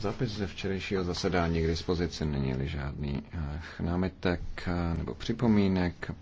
Zápis ze včerejšího zasedání k dispozici není žádný eh, námitek eh, nebo připomínek.